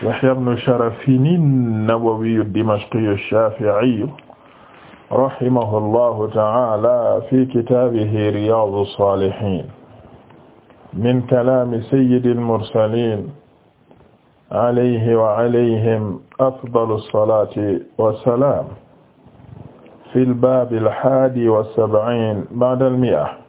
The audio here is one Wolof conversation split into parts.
Yahya ibn Sharafin an-Nawawi ad-Dimashqi ash-Shafi'i rahimahullahu ta'ala fi kitaabihi Riyadu as-Salihin min kalaami sayyidil mursaliin alayhi wa alayhim afdalu as-salaati was-salaam fil baabil haadi was-sab'iin ba'da al-mi'a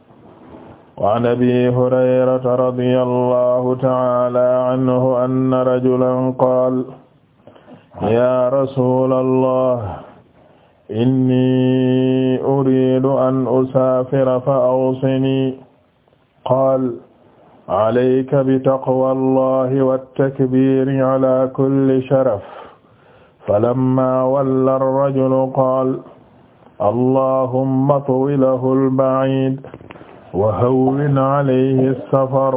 waan abi hurayrata radiya allahu taala anhu anna rajulan qaala yaa rasula allah inni uridu an usaafira fa awsinii qaala alayka bitaqwa allahi wattakbiiri ala kulli sharaf falammaa walla arrajulu qaala allahumma twi lahu albaciid wa hawwin alayhi safar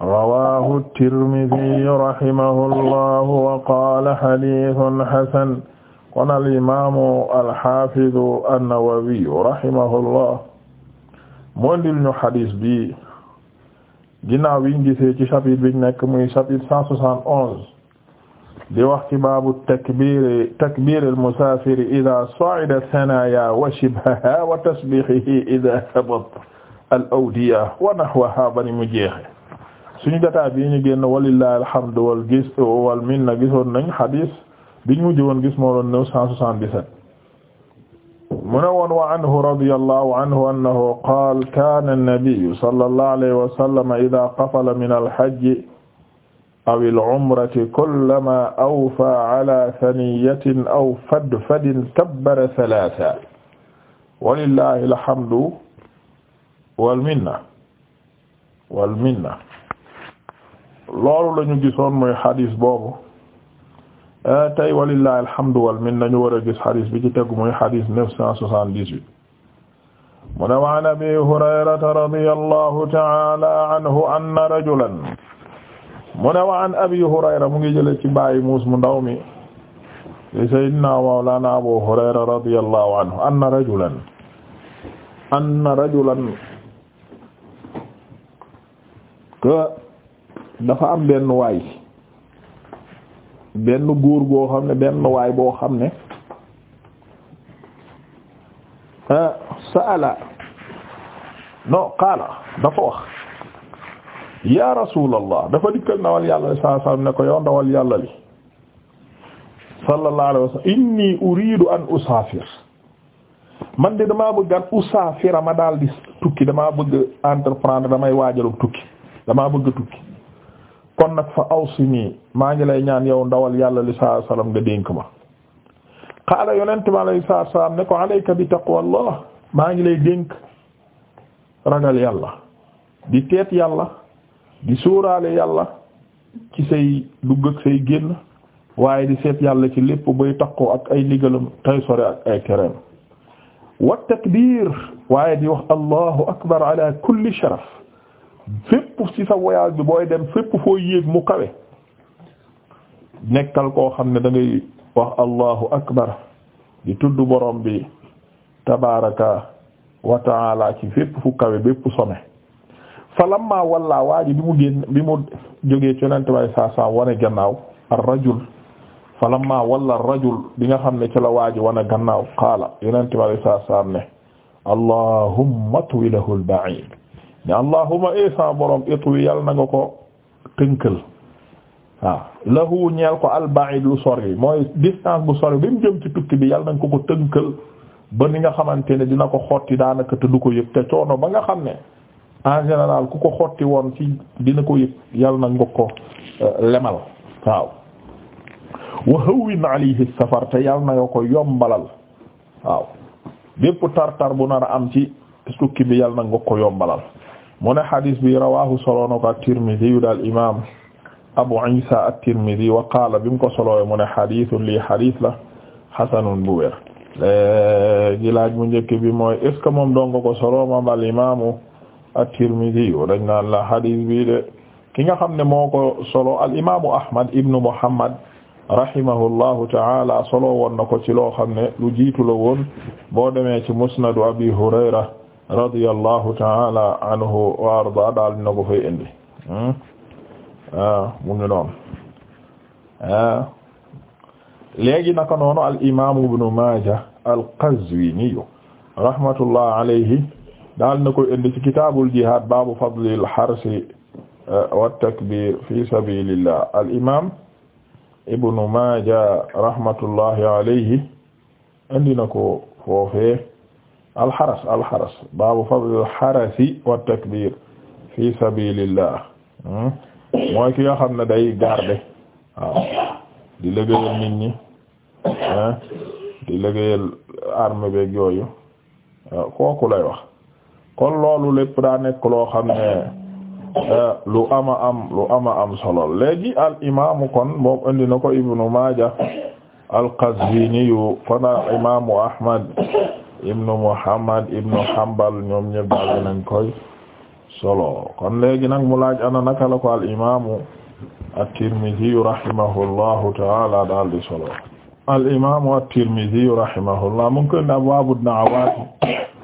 rawaahu tirmiziyu rahimahullahu wa qaala hadiisun hasan kon al imaamu alxaafidu annawawiyu rahimahullah moo ndil ñu xadis bi ginnaaw yiñ gisee ci chapitre biñ nekk muy chapitre cent soixante onze di wax ci baabu takbiri takbiril musaafiri idaa sa'ida thanaaya wa shibhaha wa tasbiihihi idaa habata al awdiya wa nahwaha bani mu jeexe suñu gataa bii ñu génn walillahi alhamdu wal gis wal minna gisoon nañ xadiis biñ mujj woon gis moo doon 977 mu ne woon wa anhu radiyallahu anhu annahu qaala kaana an-nabiyyu sallallahu alayhi wa sallam idhaa qafala min al-hajji aw al-umrati kullamaa awfaa alaa saniyyatin aw fadfadin kabbara thalathan walillahi alhamdu wal minna wal minna loolu la ñu gisoon mooy xadis boobu eh, tey walillahi alhamdu wal minna ñu war a gis xadis bi ci tegu mooy xadis neuf cent soixante-dix-huit mu ne waan abi hurayrata radiyallahu ta'ala anhu anna rajulan mu ne waan abi hurayra mu ngi jële ci bàyyi muus mu ndaw mi li sayyidina mawlana abu hurayra radiyallahu anhu anna rajulan anna rajulan dafa am benn waay benn góor goo xam ne benn waay boo xam ne euh, saala non qaala dafa wax ya rasulallah dafa dikkal nawal yàlla li saa sallam ne ko yow ndawal yàlla li sallallahu alayhi wa sallam inni uridu an usaafir man de damaa bëgg an usaafira ma daal di tukki damaa bëgg entreprendre damay waajalub tukki damaa bëgg tukki kon nag fa awsini maa ngi lay ñaan yow ndawal yàlla li saa salaam nga dénk ma qaala yonent bi alayhi salaatu salaam ne ko alayka bi taqwallah maa ngi lay dénk ragal yàlla di teet yàlla di suuraale yàlla ci say dugg ak say génn waaye di seet yàlla ci lépp bay taqoo ak ay ndigalam tay sore ak ay tereem wa takbiir waaye di wax allahu akbar ala kulli sharaf fépp ci sa bi booy dem fépp foo yéeg mu kawe nekkal koo xam ne dangay ngay wax allahu akbar di tudd borom bi tabaraka wa taala ci fépp fu kawe bépp some fa lamma walla waa bi mu génn bi ci yonente way saa saa wane gannaaw ar rajul fa lamma walla rajul bi nga xam ne ci la waa ji wane gannaaw qaala yonente way saa saa ne allahumma twi lahu al ba'id ne allahuma esa eh borom itwi yal na nga ko tënkal waaw lahu ñeel ko albaid lu sori mooy distance bu sori bi mu jëm ci tukki bi yal na nga ko ko tënkal ba ni nga xamante ne dina ko xotti daanaka te du ko yëg te coono ba nga xam ne en général ku ko xotti woon ci dina ko yëg yal na nga ko euh, lemal waaw wa hawwin alayhi safar te yal na nga ko yombalal waaw bépp tartar bu nar a am ci tukki bi yal na nga ko yombalal mu ne xadis bi rawaahu solo na a at-Tirmidi yu daal imaam Abu Isa at-Tirmidi wa qaala ko solo mu ne xadisun lii xadis la xasanun bu wér. léegi laaj mu njëkk bi mooy est ce que moom dong ko solo moom al imaamu at-Tirmidi dañ naan la ki nga xam ne moo ko solo al imaamu Ahmad ibnu Muhammad rahimahullahu taala solo woon na ko ci loo xam ne lu jiitu la woon boo demee ci musnadu radiyallahu ta'ala anhu wa arda daal dina ko fay indi hmm? ah, mu ngi noonu ah. léegi naka noonu al imaamu ibnu Maaja al Qazwiini rahmatullah alayhi daal na koy indi ci kitaabul jihaad baabu fadlil harsi ah, wa takbiir fi sabiilillah al imaam ibnu Maaja rahmatullahi alayhi indi na ko foofee. alxaras alxaras baabu fadlil xarasi wa takbir fi sabilillah hmm? mooy ki nga xam ne day garder waaw di liggéeyal nit ñi di liggéeyal armée beeg yooyu kooku lay wax kon loolu lépp daa nekk loo xam ne eh, lu ama am lu ama am solo léegi al imaamu kon moom indi na ko ibnu maaja al qazwini yu kon al imaamu ahmad ibnu Muhammad ibnu Hanbal ñoom ñëpp daal nañ koy solo kon léegi nag mu laaj ana naka la ko al imaamu at-Tirmidhi rahimahullahu ta'ala daal di solo al imaamu at-Tirmidhi rahimahullah mu ngi koy abwaabu da'awaat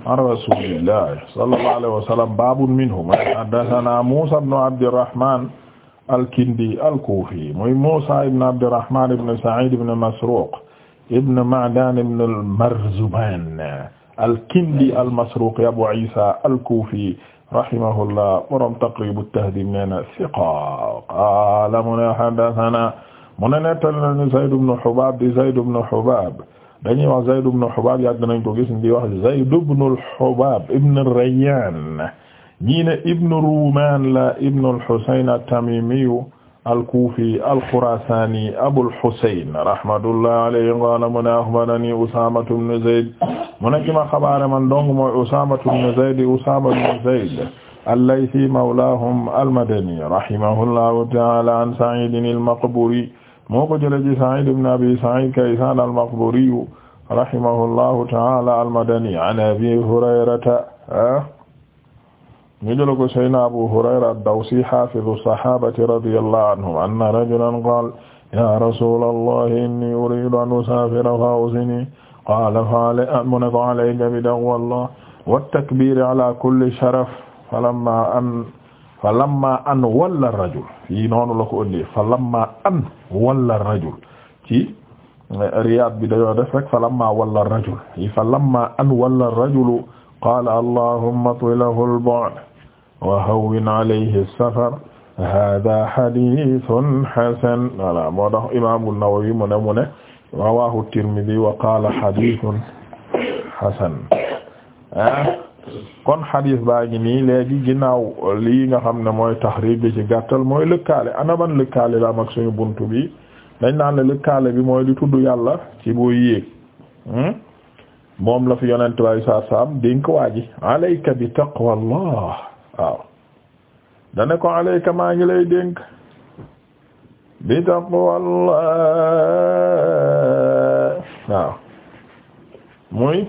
an rasuulillah sallallahu alayhi wa sallam baabun minhum haddathana Muusaa ibnu Abdirrahmaan al-Kindi al-Kuufi muy Muusaa ibnu Abdirrahmaan ibnu Sa'iid ibnu Masruuq ibn Ma'dan ibn al-Marzuban al-Kindi al-Masruqi Abu Isa al-Kufi rahimahullah borom Taqrib at-Tahdhib nee na thiqa qaala mu ne haddathana mu ne nettali nañu Zayd ibn Hubab di Zayd ibn Hubab dañuy wax Zayd ibn Hubab yàgg nañ ko gis di wax Zayd ibn al-Hubab ibn Rayyan ñii ne ibn Ruman la ibn al-Husayn at-Tamimi al-Kufi al-Khurasani Abul Husayn rahmatullah alayhi qaala mu ne akhbarani Usaama ibn Zayd mu ne ki ma xabaare man dong mooy Usaama ibn Zayd Usaama ibn Zayd al-Laythi mawlaahum al-Madani rahimahullahu ta'aala an Sa'id al-Maqburi moo ko jëlee ci Sa'id ibn Abi Sa'id Kaysan al-Maqburi rahimahullahu ta'aala al-Madani an Abi Hurayrata ah, ñu jëla ko sayna Abu Hurayra ad-Dawsi hafizu sahabati radiyallahu anhum anna rajulan qala ya rasulallahi inni uridu an usafira fa awzini qala fa'ala ko alayka bi taqwallah wat-takbir ala kulli sharaf falamma an falamma an walla ar-rajul fii noonu la ko indi falamma an walla ar-rajul ci Riyad bi dañoo def rek falamma walla ar-rajul falamma an walla ar-rajul qala allahumma twi lahu al-bu'd wa hawwin alayhi safar hada hadithun hasan voilà moo tax imaamu Nawawi mu ne mu ne rawahu Tirmidhi wa qala hadithun hasan ah, kon hadith baa ngi nii léegi ginnaaw lii nga xam ne mooy taxrib bi ci gàttal mooy lëkkaale ana ban lëkkaale la am ak suñu buntu bi dañ naan la lëkkaale bi mooy di tudd yàlla ci booy yéeg hmm? moom la fi yonent way saa saam dénk waa ji alayka bi taqwallah dane ko alayka maa ngi lay dénk bi taqwallah waaw muy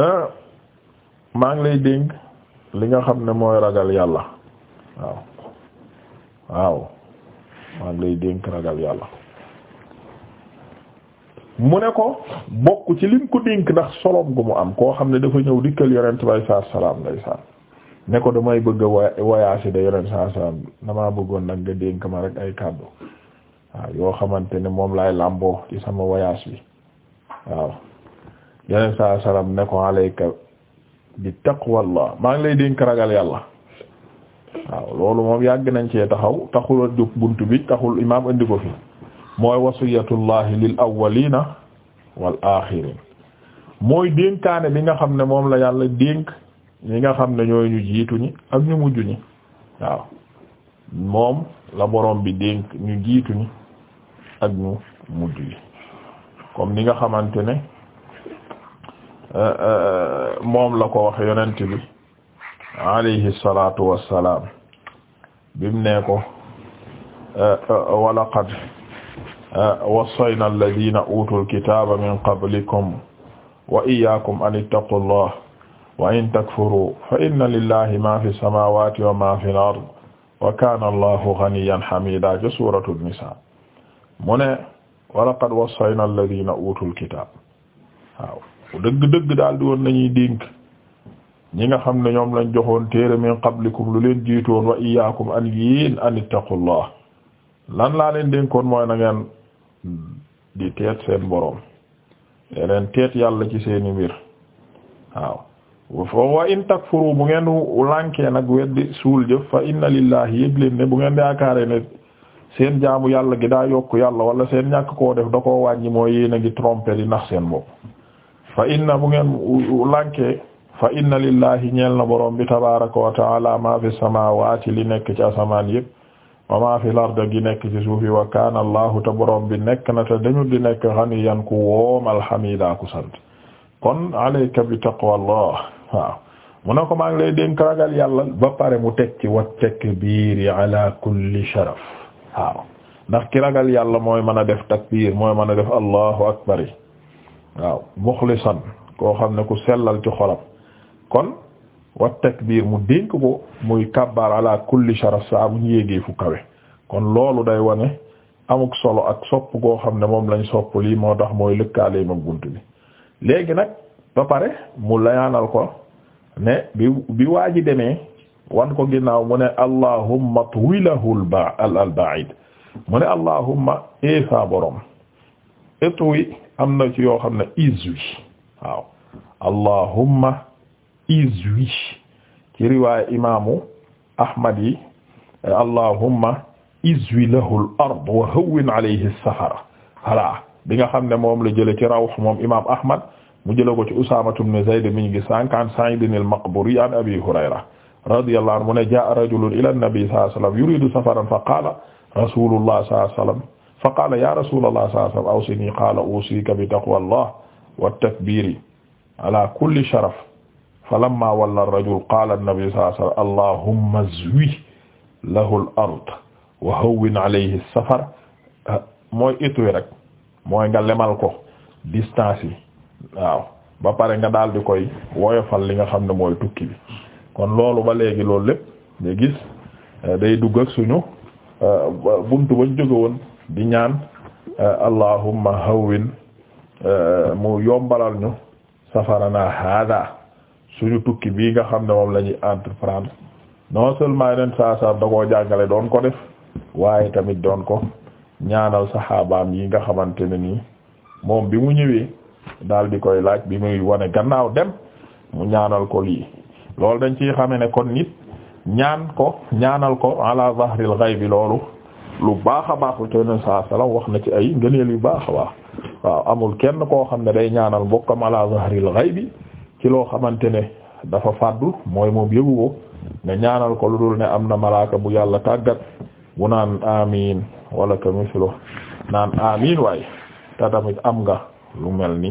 ah, maa ngi lay dénk li nga xam ne mooy ragal yàlla waaw waaw maa ngi lay dénk ragal yàlla mu ne ko bokk ci lim ko dénk ndax solom gu mu am koo xam ne dafa ñëw dikkal yonent bay saar salaam nday saar ne ko damay bëgg a voyage de yoneen saa salaam damaa bëggoon nag nga dénk ma rek ay kàddu waaw yoo xamante ne moom laay làmboo ci sama voyage bi waaw yoneen saa salaam ne ko alayka bi taqwallah maa ngi lay dénk ragal yàlla waaw loolu moom yàgg nañ cee taxaw taxul a jóg buntu bi taxul imaam indi ko fi mooy wasiyatullahi lil awwalina wal axirin mooy dénkaane bi nga xam ne moom la yàlla dénk ñi nga xam ne ñooy ñu jiitu ñi ak ñu mujj ñi waaw moom la borom bi dénk ñu jiitu ñi ak ñu mujj yi comme ni nga xamante ne euh, euh, moom la ko waxe yonent bi alayhi salatu wassalam bim ne ko euh, wa laqad wassayna alladhina utul kitaba min qablikum wa iyyakum an ittaqullah wa in takfuru fa inna lillahi ma fi samawati wa ma fi al-ard wa kana allahu ghaniyan hamida ca suratu nisa mu ne wa laqad wassayna alladhina utul kitab waaw dëgg-dëgg daal di woon nañuy dénk ñi nga xam ne ñoom lañ joxoon téere min qablikum lu leen jiitoon wa iyyakum an yéen an ittaqullah lan laa leen dénkoon mooy na ngeen di teet seen boroom leneen teet yàlla ci seeni mbir waaw wa in takfuru bu ngeen lankee nag weddi suul jëf fa inna lillahi yëg leen bu ngeen yaakaaree ne seen jaamu yàlla gi daa yokk yàlla wala seen ñàkk koo def da koo wàññi mooy yéen a ngi tromper di nax seen bopp fa inna bu ngeen lankee fa inna lillahi ñeel na borom bi tabaraka wa taala ma fi samawati li nekk ci asamaan yëpp wa ma fi larda gi nekk ci suufi wa kaana allahu te borom bi nekk na te dañu di nekk xaniyan ku woomal xamidaa ku sant kon alayka waaw mu ne ko maa ngi lay dénk ragal yàlla ba pare mu teg ci wa takbiiri ala kulli sharaf waaw ndax ki ragal yàlla mooy mën a def takbiir mooy mën a def allahu akbar yi waaw muxlisan koo xam ne ku sellal ci xolam kon wa takbiir mu dénk ko muy kabbaar ala kulli sharaf saa bu ñu yéegee fu kawe kon loolu day wane amuk solo ak sopp koo xam ne moom lañ sopp lii moo tax mooy lëkkaale ma bunt bi léegi nag ba pare mu layaanal ko ne bi bi waa ji wan ko ginnaaw mu ne allahumma tuwilahul ba al al ba'id mu ne allahumma eesa eh, borom etwi am na ci yoo xam ne izwi waaw allahumma izwi ci riwaaya imaamu ahmad yi allahumma izwi lahul ard wa hawwin alayhi as bi nga xam ne moom la jële ci rawx moom ahmad mu jëla ko ci Usaama ibn Zayd mi ngi cinquante Sa'iid al-Maqburi an Abi Hurayra radiyallahu anhu mu ne jaa'a rajulun ila an-nabi sallallahu alayhi wa sallam yuridu safaran fa qaala rasuulullah sallallahu alayhi wa sallam fa qaala ya rasuulallah sallallahu alayhi wa sallam awsinii qaala uusiika bi taqwallah wat-takbiiri ala kulli sharaf falammaa walla ar-rajul qaala an-nabi sallallahu alayhi wa sallam allahumma zwi lahu al-ard wa hawwin alayhi as-safar mooy étuwi rek mooy nga lemal ko distance yi waaw ba pare nga daal di koy woyofal li nga xam ne mooy tukki bi kon loolu ba léegi loolu lépp nga gis eh, day dugg ak suñu eh, buntu bañ jóge woon di ñaan eh, allahumma hawwin mu yombalal ñu safarana hada suñu tukki bii nga xam ne moom lañuy ñuy no non seulement yeneen saa saa da koo jàngale doon ko def waaye tamit doon ko ñaanal saxaabaam yi nga xamante ne nii moom bi mu ñëwee. daal di koy laaj bi muy wane gannaaw dem mu ñaanal ko lii loolu dañ ci xame ne kon nit ñaan ko ñaanal ko ala zahril ghaybi loolu lu baax a baax lu ne saa wax na ci ay ngëneel yu baax a baax waaw amul kenn koo xam ne day ñaanal mbokkam ala zahril ghaybi ci loo xamante ne dafa fàddu mooy moom yëgu ko nga ñaanal ko lu dul ne am na malaaka bu yàlla tàggat bu naan amiin wala ka mislu naan amiin waaye te tamit am nga. lu mel ni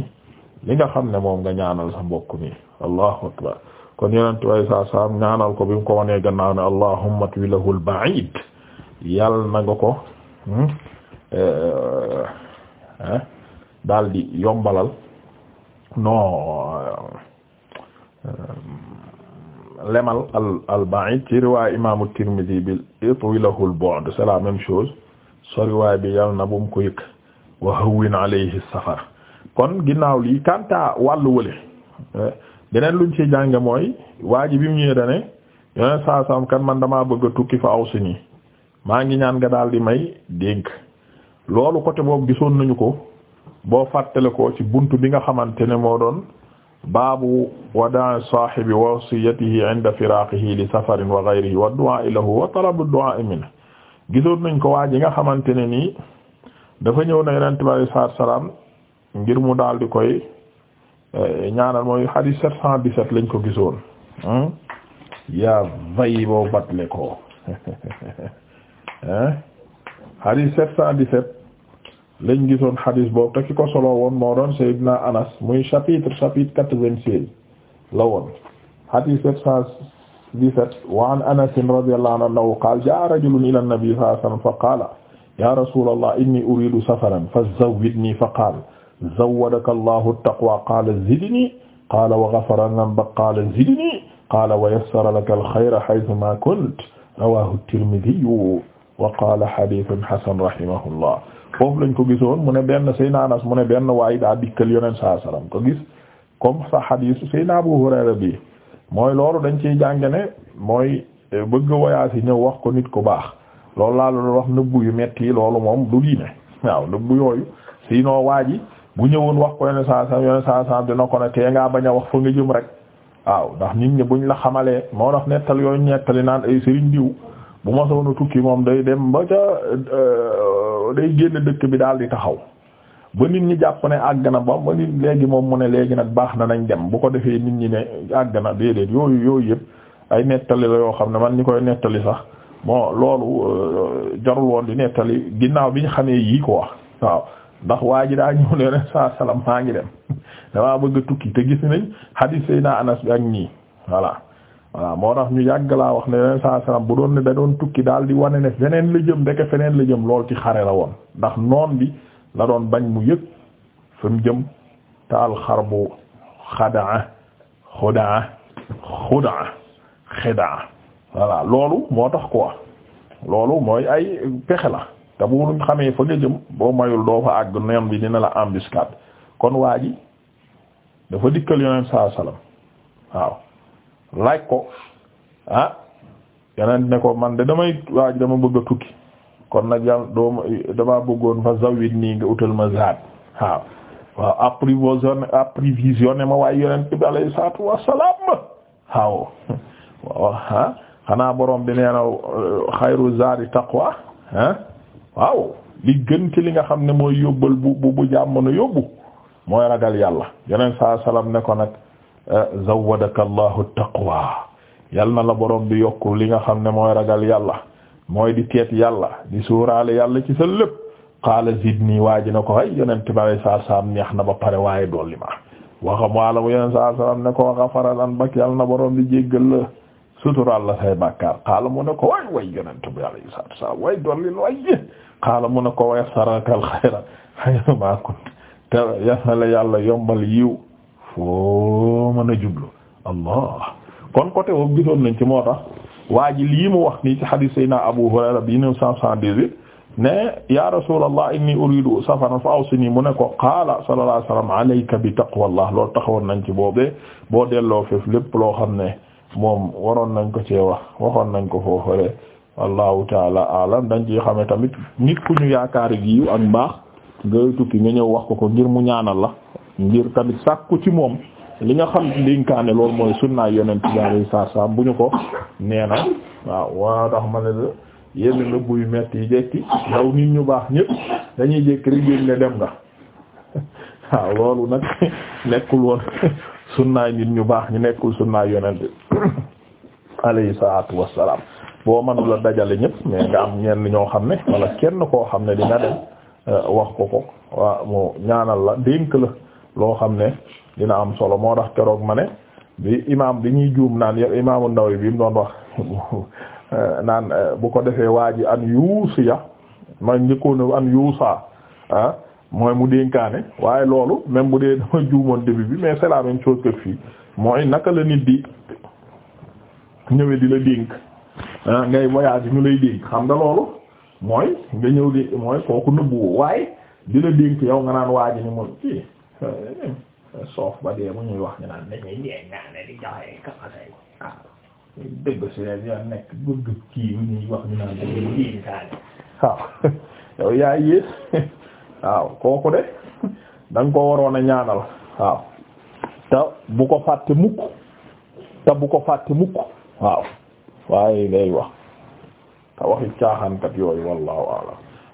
li nga xam ne moom nga ñaanal sa mbokk mi allahu akbar kon yonent way saa ñaanal ko bi mu ko wonee gannaaw ne allahumma twi lahul ba'id na nga ko hmm, eh, eh, daldi yombalal non eh, lemal al al ba'id ci riwaay imaamu Tirmidhi bi itwi lahul bu'd la même chose so riwaay bi yàlla na bu mu ko yëg wa hawwin alayhi safar kon ginnaaw lii kanta wàllu wële beneen luñ ci jànge mooy waa ji bi mu ñëwee dane yoneen saa saam kan man damaa bëgg a tukki fa aw si nii maa ngi ñaan nga daal di may dénk loolu côté boobu gisoon nañu ko boo fàttale ko ci bunt bi nga xamante ne moo doon baabu wa saahibi wasiyatihi inda firaaqihi li safarin wa ghayrihi wa du'a lahu wa talabu du'a minhu gisoon nañ ko waa yi nga xamante ne nii dafa ñëw na yonent bi sallallahu alayhi wasallam ngir mu daal di koy eh, ñaanal mooy hadith sept cent lañ ko gisoon hmm? yaa vayi boo batle ko hadith eh? sept cent dix-sept lañ gisoon hadith boobu te solo woon moo doon Seydina Anas muy chapitre chapitre quatre-vingt-seize la woon hadith wa an Anas radiyallahu anhu qaala jaa'a rajulun ila an-nabi sallallahu alayhi wa sallam fa qaala ya rasulallah inni uridu safaran fazawwidni fa qaala zawadaka allahu taqwa qaala zidni qaala wa ghafara dhanba qaala zidni qaala wa yassara laka alxayra haythuma kunta rawahu at-Tirmidhi wa qaala hadithun hasan rahimahullah foofu lañ ko gisoon mu ne benn Seydina Anas mu ne benn waaye daa dikkal yoneen saa salaam ko gis comme sa hadiisu Seydina Abu Hurayra bi mooy loolu dañ ciy jànge ne mooy e, bëgg voyage yi ñëw wax ko nit ku baax loolu laa doon wax nëbbu yu metti yi loolu moom du diine waaw nëbbu yooyu sinon waa ji bu ñëwoon wax ko yeneen saa saam yeneen saa saam dina ko ne tee ngaa bañ a wax fa nga jëm rek waaw ndax nit ñi buñ la xamalee moo tax nettali yooyu ñettali naan ay sëriñ diw bu ma soona tukki moom day dem ba euh, dëkk bi daal di taxaw ba nit ñi jàpp ne àgg na ba léegi moom mu ne léegi nag baax na nañ dem bu ko defee nit ñi ne àgg na déedéet yooyu yooyu yëpp ay nettali la yoo xam ne man ñi koy nettali sax bon loolu euh, jarul di nettali ginnaaw bi ñu xamee yii ko wax waaw ndax waa ji daa ñëw leen saa salaam maa ngi dem damaa bëgg a tukki te gis nañ hadith Seydina Anas bi ak ñii voilà waa moo tax ñu yàgg laa wax ne yeneen saa salaam bu doon ne da doon tukki daal di wane ne feneen la jëm ndeke feneen la jëm lool ci xare la woon ndax noon bi la doon bañ mu yëg fa jëm taal xarbu xadaa xudaa xudaa xidaa voilà loolu moo tax quoi loolu mooy ay pexe la. te bu luñ xamee boo mayul doo fa àgg noon bi la embuscade kon waa ji dafa ko ah yeneen ne ko man de damay waa dama bëgg a kon nag yàlla doo damaa bëggoon fa zawit nii nga utal ma zaad waaw waaw approvisionné approvisionné ma waaye yonent bi alayhi salaatu wassalaam ma waaw waaw ah, xanaa borom bi nee xayru zaadi taqwa ah. waaw li gën ci li nga xam ne mooy yóbbal bu bu bu jamono yóbbu mooy ragal yàlla yeneen saa salaam ne ko nag eh, zawadaka allahu taqwa yal na la borom bi yokk li nga xam ne mooy ragal yàlla mooy di teet yàlla di suuraale yàlla ci sa lépp qaala zidni waa ji na ko ay yeneen tubaab yi saa saam neex na ba pare waaye dolli ma waxa mu yeneen saa ne ko ghafara lan bak yal na borom bi jéggal suturaal la say bàkkaar xaala mu ko way way yonent bi alayhi salaatu wassalaam way dollil way xaala mu ne ko way sarakal xayra xayrama kunt te yasala yàlla yombal yiw foo mën a jublu allah kon côté boobu gisoon nañ ci moo tax waa lii mu wax nii ci hadith sayna Abu Hurayra bi neuf cent soixante-dix-huit ne ya rasulallah inni uridu safaran fa awsini mu ne ko qaala sallallahu alayhi wa sallam alayka bi taqwallah loolu taxawoon nañ ci boobee boo delloo fef lépp loo xam ne moom waroon nañ ko cee wax waxoon nañ ko foofale wallahu taala alam dañ ci xame tamit nit ku ñu yaakaar giiw ak mbaax ngay tukki nga ñëw wax ko ko ngir mu ñaanal la ngir tamit sàkku ci moom li nga xam ndinkaane loolu mooy sunnaay yonent bi alayhi salaam bu ñu ko nee na waaw waa tax ma ne la yenn nëbbu yu metti yi jekki ndaw nit ñu baax ñëpp dañuy jékki rek ne dem nga waaw loolu nag nekkul woon sunnaay nit ñu baax ñu nekkul sunnaay yonent alayhi salaatu wassalaam boo mënula dajale ñëpp mais nga am ñenn ñoo xam ne wala kenn koo xam ne dina dem euh, wax ko ko waaw mu ñaanal la dénk la loo xam ne dina am solo moo tax keroog ma ne bi imaam bi ñuy juum naan yéen imaamu Nawawi bi mu doon wax euh, naan euh, bu ko defee waa ji an yuusiya ma njëkkoon an yuusa ah mooy mu dénkaane waaye loolu même bu dee dama juumoon début bi mais c'est la même fii mooy naka la nit di ñëwee di la dénk ah, ngay voyage ñu lay dénk xam nga loolu mooy nga ñëw mooy kooku nëbbu waaye di la dénk yow nga naan waaj ni moom eh, ci ba dee mu ñuy wax ñu naan dañuy ñee di kii yu ñuy wax ñu naan dañuy dénk waaw yow yaay yées waaw kooku de da ko waroon a ñaanal waaw te bu ko fàtte mukk te bu ko fàtte mukk waaw waaye day wax te waxi caaxaankat yooyu wallahu a'lam